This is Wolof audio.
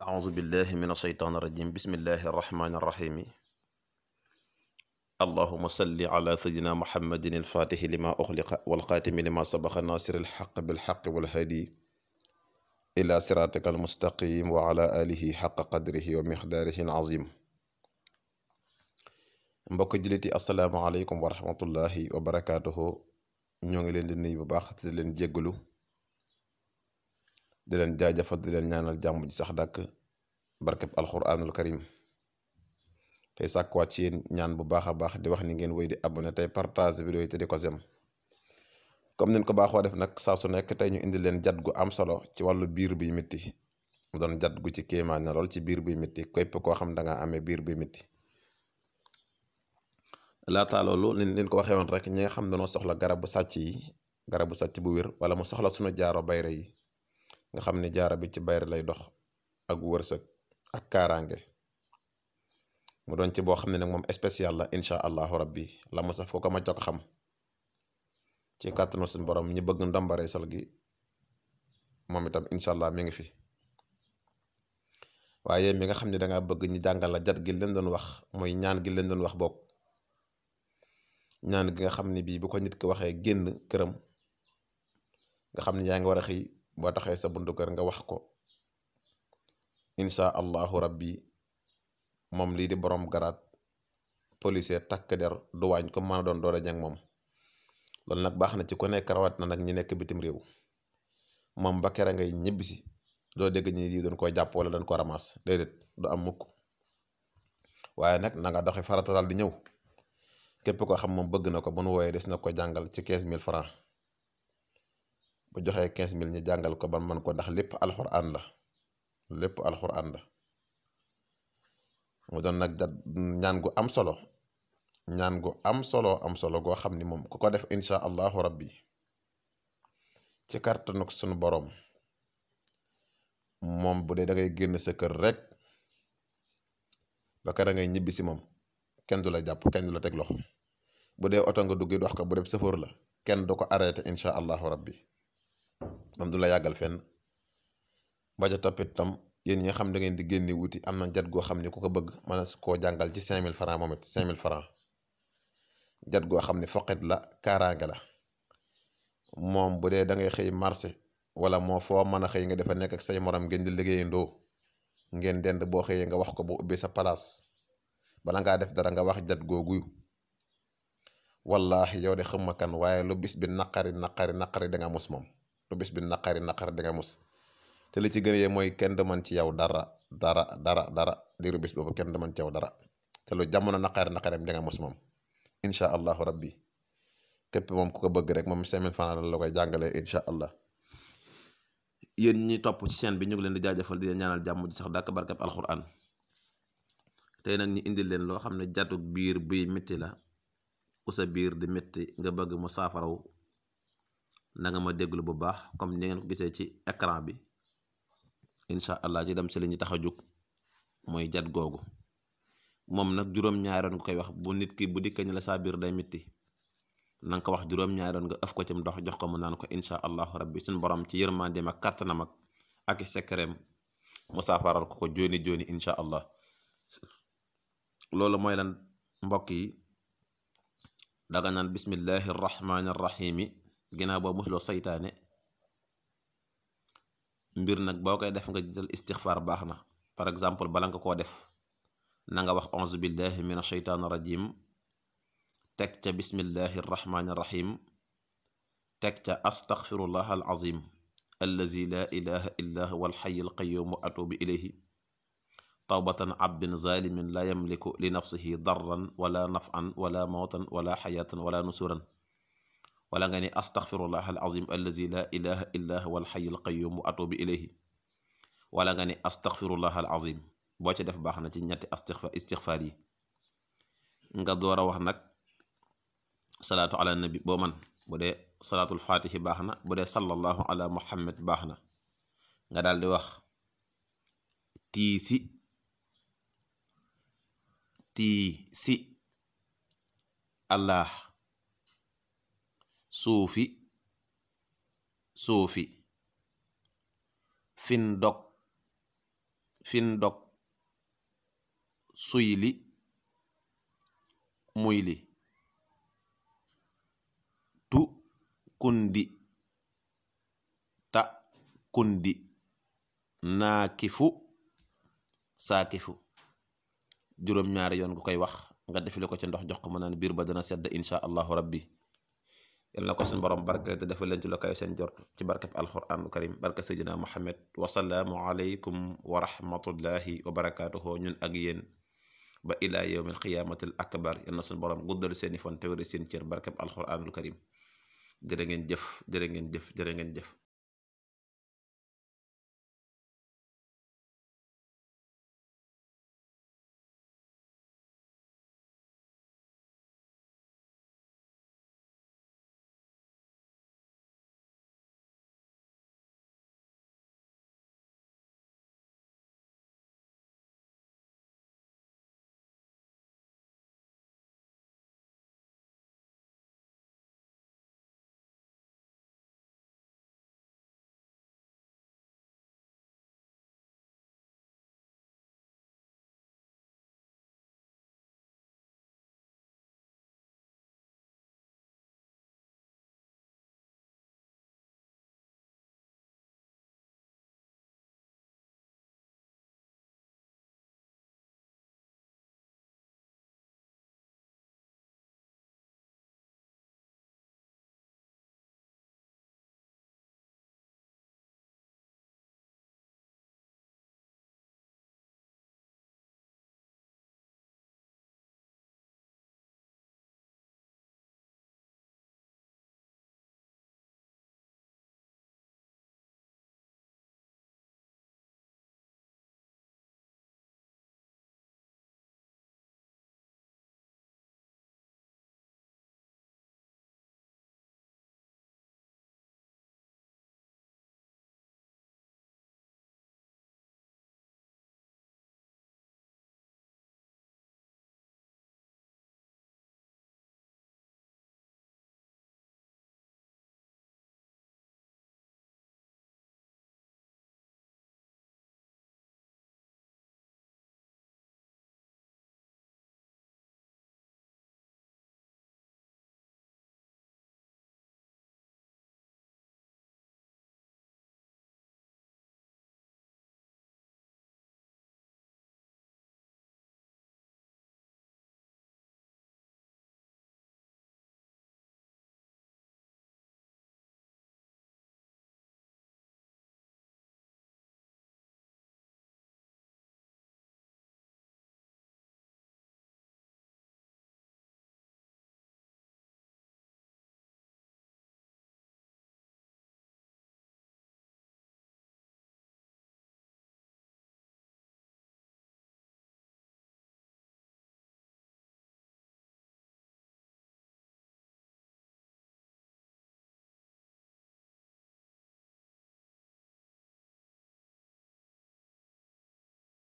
auzu billahi min asheytaan irajim bismillahi arrahmaani irrahimi allahuma salli ala sayidina mohammadin alfaatixi lima uxliqa walxaatimi lima sabaxa naasir alxaq bilxaq walhaadi ila siratika almustaqim wa ala alihi xaqa qadrihi wa mixdaarihi alazim mbokk juliti assalaamu aleykum wa rahmatullahi wa barakaatuhu ñoo ngi leen di nuyu bu baax te leen jéggalu di leen jaajëfal di leen ñaanal jàmm ji sax dàkk barkeb alxuraanul karim tey sàkkuwaat ci yéen ñaan bu baax a baax di wax ni ngeen wéy di abonné tey partage vidéo yi te di ko sem comme nin ko baaxoo def nag saa su nekk tey ñu indi leen jat gu am solo ci wàllu biir buy mitti mu doon jat gu ci kéemaan na lool ci biir bi métti képp koo xam da ngaa amee biir bi mitti laataa loolu nin leen ko waxee woon rek ñi nga xam dañoo soxla garabu sàcc yi garabu sàcc bu wér wala mu soxla sunu jaaro bayre yi nga xam ni jaara bi ci bayre lay dox ak wërsëg ak kaaraange mu doon ci boo xam ne nag moom spécial la incha allahu rabbi la ma foo ko ma jokk xam ci kàttanu suñu borom ñi bëgg ndombare sal gi moom itam incha mi ngi fi waaye mi nga xam ne dangaa bëgg ñu jàngal jat gi leen doon wax mooy ñaan gi leen doon wax bokk ñaan gi nga xam ne bii bu ko nit ki waxee génn këram nga xam ne yaa ngi war a xëy boo taxee sa buntu kër nga wax ko insha allahu rabbi moom lii di borom garaat policier takk der du waañ ko mën a doon doole jàng moom loolu nag baax na ci ku nekk na nag ñi nekk bitim réew moom ba kera ngay ñibbisi doo degg ñi di doon ko jàpp dan doon ko ramas déedéet du am mukk waaye nag na doxe farata daal di ñëw képp ko xam moom bëgg na ko bu nu wooyee des na ko jàngal ci quinze mille francs bu joxee quinze mille jàngal ko ba man ko ndax lépp alxuraan la lépp alxuraan la mu doon nag ñaan gu am solo ñaan gu am solo am solo goo xam ni moom ku ko def incha allahu rabbi ci kàttanu sunu boroom moom bu dee da ngay génn sa kër rek ba ka ngay ñibbi moom kenn du la jàpp kenn du la teg loxo bu dee oto nga dugg wax ko bu def sëfoor la kenn du ko arrêté incha allahu rabbi moom du la yàggal fenn ba ja toppit tam yéen ñi nga xam da ngeen di génne wuti am na jat goo xam ne ku ko bëgg mën na koo jàngal ci 5000 francs moom it 5000 francs jat goo xam ne foqet la kaaraange la moom bu dee da ngay xëy marché wala moo foo mën a xëy nga dafa nekk ak say moroom ngeen di liggéeyandoo ngeen dend boo xëyee nga wax ko bu ubbi sa place bala ngaa def dara nga wax jat googu wallaahi yow de xamma kan waaye lu bis bi naqari naqari naqari da nga mos moom. lu bés bi naqari naqari da nga mus te li ci gën yee mooy kenn du man ci yow dara dara dara dara diiru bés boobu kenn du man ci yow dara te lu jamono naqari naqareem da nga mus moom incha allahu rabbi képp moom ku ko bëgg rek moom 5000 francs la la koy jàngalee incha allah yéen ñi topp ci chaîne bi ñu ngi leen di jaajëfal di leen ñaanal sax ji sax dàkk barkab alquran tey nag ñi indil leen loo xam ne jatug biir bi métti la ku sa biir di métti nga bëgg mu saafaraw na nga ma déglu bu baax comme ni ko gisee ci écran bi incha allah ci dem si li ñu tax a jóg mooy jat googu moom nag juróom-ñaari yoon nga koy wax bu nit ki bu dikkee ñu la saa biir day mitti na wax juróom-ñaari yoon nga ëf ko ci ndox jox ko mu naan ko incha allahu rabbi suñu borom ci yërmandeem ak kàttanam ak ak i sekkereem mu saafaral ko ko jooni jooni incha allah loolu mooy lan mbokk yi daga naan bismillahi rahmaani rahimi. ginnaaw boo musuloo saytaane mbir nag boo koy def nga jiital istixfaar baax na par exemple bala nga koo def nanga wax auzu billahi min asheytaani rajim teg ca bismillahi arrahmani irrahim teg ca astaxfirullah al azim allazi la ilaha illa huwa alxayu alqayumu atubu ilayhi tawbatan abdin zalimin la yamliku li nafsihi wala nafan wala mawtan wala xayaatan wala nusuran wala nga ne astaghfirullah al azim allazi la ilaha illa huwa al hayyul qayyum wa atubu ilayhi wala nga ne astaghfirullah al azim boo ci def baax na ci ñetti istixfaar yi nga door a wax nag salaatu ala nabi boo man bu dee salaatul fatihi baax na bu dee sallallahu ala muhammad baax na nga daal di wax tiisi tiisi allah suufi suufi fin dog fin dog suyli muyli tu kundi ta kundi naakifu saakifu juróom-ñaari yoon nga koy wax nga defile ko ci ndox jox ko mu naan biir ba dana sedd incha allahu rabbi yal na ko suñu borom barkeel dafa leen ci lokaayu seen jort ci barkeb alxuraanu karim barke sayyidina Muhammad wasalaamu aleykum wa rahmatullahi wa barakaatuhu ñun ak yéen ba ilaa yawmil qiyaamatil akbar yal na suñu borom guddal seen i fan te wéral seen cër barkeb alxuraanul karim jërë ngeen jëf jërë ngeen jëf jërë ngeen jëf.